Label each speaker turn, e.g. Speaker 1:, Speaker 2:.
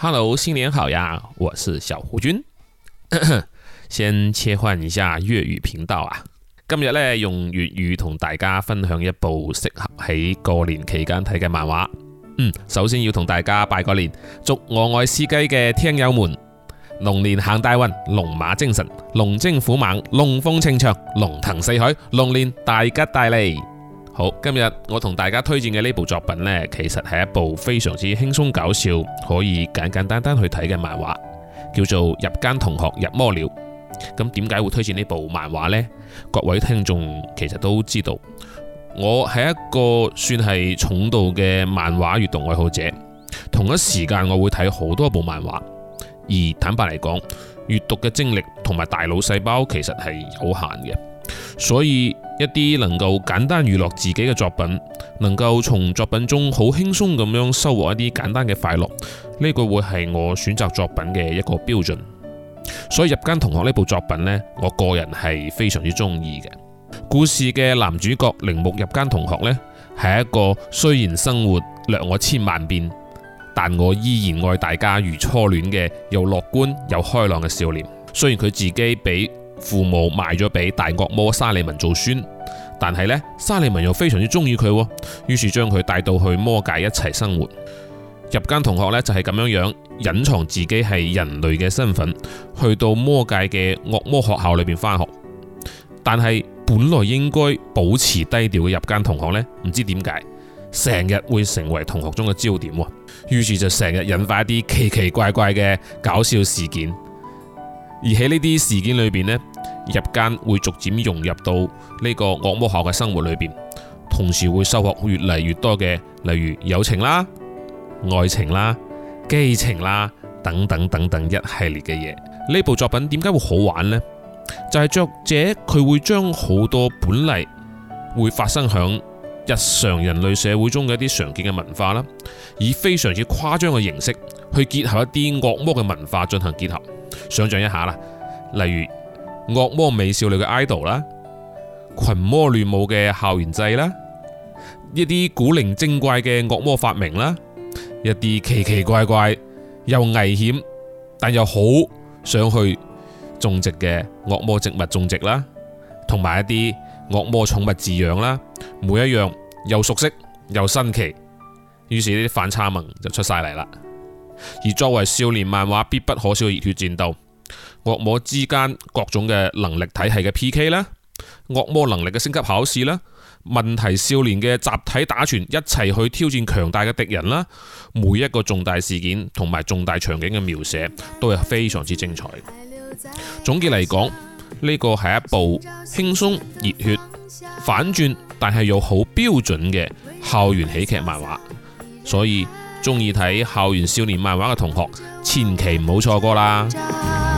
Speaker 1: Hello，新年好呀！我是小狐君， 先切換一下粵語頻道啊。今日咧用粵語同大家分享一部適合喺過年期間睇嘅漫畫。嗯，首先要同大家拜個年，祝我愛撕雞嘅聽友們，龍年行大運，龍馬精神，龍精虎猛，龍鳳呈祥，龍騰四海，龍年大吉大利。好，今日我同大家推薦嘅呢部作品呢，其實係一部非常之輕鬆搞笑，可以簡簡單單單去睇嘅漫畫，叫做《入間同學入魔了》。咁點解會推薦呢部漫畫呢？各位聽眾其實都知道，我係一個算係重度嘅漫畫閱讀愛好者，同一時間我會睇好多部漫畫，而坦白嚟講，閱讀嘅精力同埋大腦細胞其實係有限嘅，所以。一啲能夠簡單娛樂自己嘅作品，能夠從作品中好輕鬆咁樣收穫一啲簡單嘅快樂，呢個會係我選擇作品嘅一個標準。所以入間同學呢部作品呢，我個人係非常之中意嘅。故事嘅男主角鈴木入間同學呢，係一個雖然生活虐我千萬遍，但我依然愛大家如初戀嘅，又樂觀又開朗嘅少年。雖然佢自己比父母賣咗俾大惡魔沙利文做孫，但係呢，沙利文又非常之中意佢，於是將佢帶到去魔界一齊生活。入間同學呢，就係咁樣樣隱藏自己係人類嘅身份，去到魔界嘅惡魔學校裏邊翻學但係本來應該保持低調嘅入間同學呢，唔知點解成日會成為同學中嘅焦點，於是就成日引發一啲奇奇怪怪嘅搞笑事件。而喺呢啲事件裏邊呢。入間會逐漸融入到呢個惡魔學校嘅生活裏邊，同時會收穫越嚟越多嘅，例如友情啦、愛情啦、基情啦等等等等一系列嘅嘢。呢部作品點解會好玩呢？就係、是、作者佢會將好多本嚟會發生響日常人類社會中嘅一啲常見嘅文化啦，以非常之誇張嘅形式去結合一啲惡魔嘅文化進行結合。想象一下啦，例如。惡魔美少女嘅 idol 啦，群魔亂舞嘅校園祭啦，一啲古靈精怪嘅惡魔發明啦，一啲奇奇怪怪又危險但又好想去種植嘅惡魔植物種植啦，同埋一啲惡魔寵物飼養啦，每一樣又熟悉又新奇，於是呢啲反差萌就出晒嚟啦。而作為少年漫畫必不可少嘅熱血戰鬥。惡魔之間各種嘅能力體系嘅 PK 啦，惡魔能力嘅升級考試啦，問題少年嘅集體打拳，一齊去挑戰強大嘅敵人啦，每一個重大事件同埋重大場景嘅描寫都係非常之精彩。總結嚟講，呢個係一部輕鬆熱血、反轉但係又好標準嘅校園喜劇漫畫，所以中意睇校園少年漫畫嘅同學，千祈唔好錯過啦。